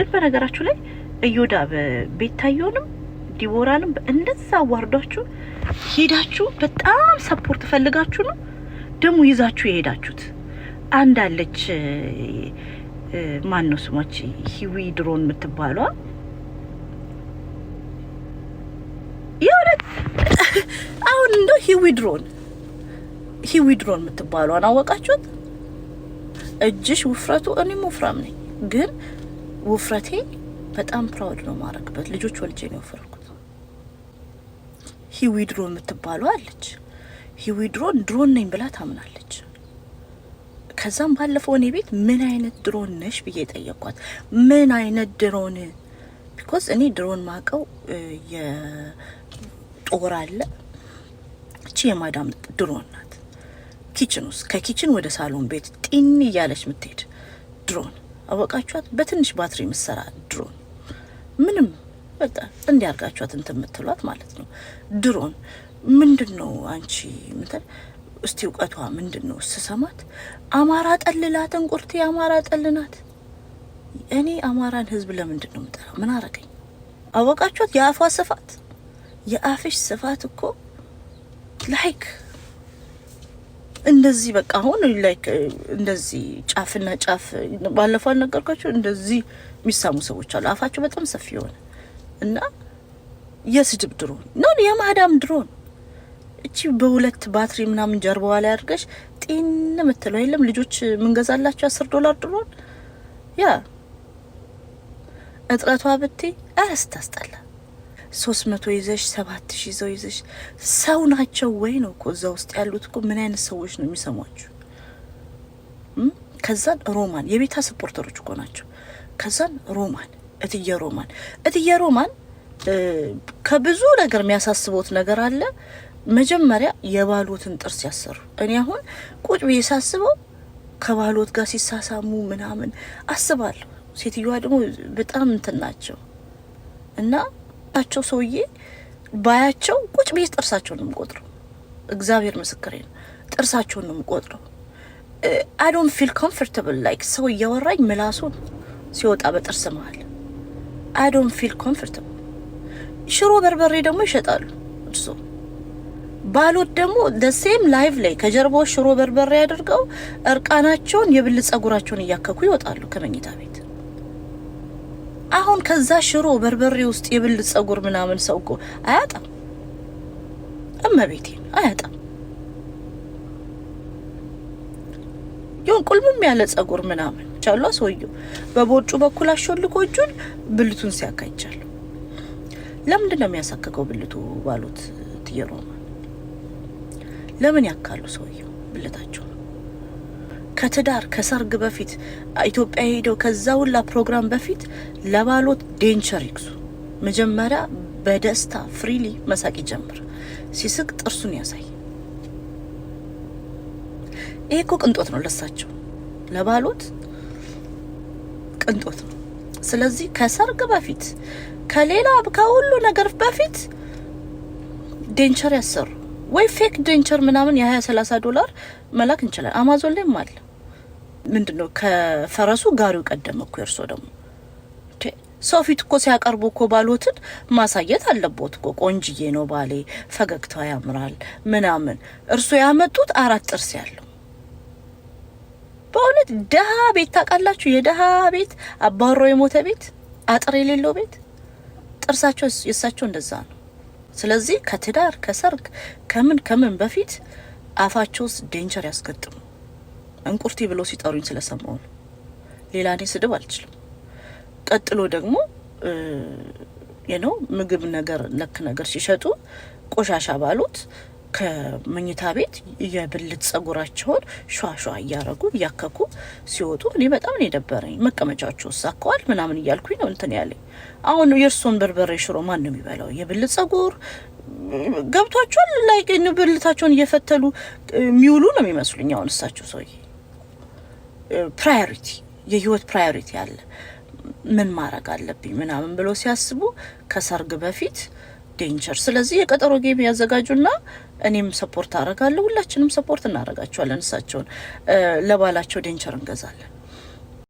ግን በነገራችሁ ላይ እዮዳ ቤታየውንም ዲቦራንም እንደዛ ዋርዷችሁ ሄዳችሁ በጣም ሰፖርት ፈልጋችሁ ነው ደግሞ ይዛችሁ የሄዳችሁት። አለች ማን ነው ስሞች ሂዊ ድሮን የምትባሏ የእውነት አሁን እንደ ሂዊ ድሮን ሂዊ ድሮን የምትባሏን አወቃችሁት። እጅሽ ውፍረቱ እኔም ወፍራም ነኝ ግን ውፍረቴ በጣም ፕራውድ ነው ማረግበት። ልጆች ወልጄ ነው የወፈርኩት። ሂዊድሮ የምትባሉ አለች። ሂዊድሮን ድሮን ነኝ ብላ ታምናለች። ከዛም ባለፈው እኔ ቤት ምን አይነት ድሮን ነሽ ብዬ ጠየቋት። ምን አይነት ድሮን ቢኮዝ እኔ ድሮን ማቀው የጦር አለ እቺ የማዳም ድሮን ናት። ኪችን ውስጥ ከኪችን ወደ ሳሎን ቤት ጢን እያለች ምትሄድ ድሮን አወቃችኋት። በትንሽ ባትሪ ምሰራ ድሮን ምንም በቃ እንዲህ እንትን የምትሏት ማለት ነው። ድሮን ምንድን ነው አንቺ ምትል እስቲ እውቀቷ ምንድን ነው ስሰማት፣ አማራ ጠልላት እንቁርቲ አማራ ጠልናት። እኔ አማራን ህዝብ ለምንድን ነው ምጠራ? ምን አረገኝ? አወቃችኋት። የአፏ ስፋት የአፍሽ ስፋት እኮ ላይክ እንደዚህ በቃ አሁን ላይክ እንደዚህ ጫፍና ጫፍ ባለፈው አልነገርኳቸው እንደዚህ የሚሳሙ ሰዎች አሉ። አፋቸው በጣም ሰፊ የሆነ እና የስድብ ድሮን ነው የማዳም ድሮን እቺ በሁለት ባትሪ ምናምን ጀርባዋ ላይ አድርገሽ ጤን ምትለው የለም። ልጆች ምንገዛላቸው አስር ዶላር ድሮን ያ እጥረቷ ብቴ ታስጠላ ሶስት መቶ ይዘሽ ሰባት ሺ ይዘው ይዘሽ ሰው ናቸው ወይ ነው እኮ እዛ ውስጥ ያሉት እኮ ምን አይነት ሰዎች ነው የሚሰሟችሁ? ከዛን ሮማን የቤታ ስፖርተሮች እኮ ናቸው። ከዛን ሮማን እትዬ ሮማን እትዬ ሮማን ከብዙ ነገር የሚያሳስቦት ነገር አለ። መጀመሪያ የባሎትን ጥርስ ያሰሩ። እኔ አሁን ቁጭ ብዬ ሳስበው ከባሎት ጋር ሲሳሳሙ ምናምን አስባለሁ። ሴትዮዋ ደግሞ በጣም እንትን ናቸው እና ያመጣቸው ሰውዬ ባያቸው ቁጭ ብዬ ጥርሳቸውን ነው የምቆጥረው። እግዚአብሔር ምስክሬ ነው፣ ጥርሳቸውን ነው የምቆጥረው። አይ ዶንት ፊል ኮምፎርታብል ላይክ ሰው እያወራኝ ምላሱን ሲወጣ በጥርስ መሃል አይ ዶንት ፊል ኮምፎርታብል። ሽሮ በርበሬ ደግሞ ይሸጣሉ። እርሶ ባሎት ደግሞ ደሴም ላይቭ ላይ ከጀርባው ሽሮ በርበሬ አድርገው እርቃናቸውን የብል ጸጉራቸውን እያከኩ ይወጣሉ ከመኝታ ቤት። አሁን ከዛ ሽሮ በርበሬ ውስጥ የብልት ጸጉር ምናምን ሰው እኮ አያጣም። እመቤቴን አያጣም። ይሁን ቁልምም ያለ ጸጉር ምናምን ቻሏ። ሰውየው በቦጩ በኩል አሾልኮ እጁን ብልቱን ሲያካይቻል። ለምንድን ነው የሚያሳክከው ብልቱ ባሉት ትየሮማ ለምን ያካሉ ሰውየው ብልታቸው ከትዳር ከሰርግ በፊት ኢትዮጵያ ሄደው ከዛ ሁላ ፕሮግራም በፊት ለባሎት ዴንቸር ይግዙ። መጀመሪያ በደስታ ፍሪሊ መሳቅ ይጀምር። ሲስቅ ጥርሱን ያሳይ። ይሄ እኮ ቅንጦት ነው ለሳቸው፣ ለባሎት ቅንጦት ነው። ስለዚህ ከሰርግ በፊት ከሌላ ከሁሉ ነገር በፊት ዴንቸር ያሰሩ ወይ ፌክ ዴንቸር ምናምን የ20 30 ዶላር መላክ እንችላለን። አማዞን ላይም አለ። ምንድን ነው ከፈረሱ ጋሪው ቀደመ እኮ እርሶ ደግሞ ሰው ፊት እኮ ሲያቀርቡ እኮ ባሎትን ማሳየት አለቦት እኮ። ቆንጅዬ ነው ባሌ፣ ፈገግታው ያምራል ምናምን። እርሶ ያመጡት አራት ጥርስ ያለው በእውነት ደሃ ቤት ታውቃላችሁ? የደሃ ቤት አባሮ የሞተ ቤት አጥር የሌለው ቤት ጥርሳቸው የእሳቸው እንደዛ ነው። ስለዚህ ከትዳር ከሰርግ ከምን ከምን በፊት አፋቸው ውስጥ ዴንቸር ያስገጥሙ። እንቁርቲ ብሎ ሲጠሩኝ ስለሰማው ነው። ሌላ እኔ ስድብ አልችልም። ቀጥሎ ደግሞ ነው ምግብ ነገር ለክ ነገር ሲሸጡ ቆሻሻ ባሉት ከመኝታ ቤት የብልት ጸጉራቸውን ሿሿ እያረጉ እያከኩ ሲወጡ እኔ በጣም ነው የደበረኝ። መቀመጫቸው ሳከዋል ምናምን እያልኩኝ ነው እንትን ያለኝ። አሁን የእርሶን በርበሬ ሽሮ ማን ነው የሚበላው? የብልት ጸጉር ገብቷቸውን ላይ ብልታቸውን እየፈተሉ የሚውሉ ነው የሚመስሉኝ አሁን እሳቸው ሰውዬ ፕራዮሪቲ የህይወት ፕራዮሪቲ አለ። ምን ማድረግ አለብኝ ምናምን ብለው ሲያስቡ ከሰርግ በፊት ዴንቸር። ስለዚህ የቀጠሮ ጌም ያዘጋጁና እኔም ሰፖርት አረጋለሁ፣ ሁላችንም ሰፖርት እናደርጋቸዋለን። እሳቸውን ለባላቸው ዴንቸር እንገዛለን።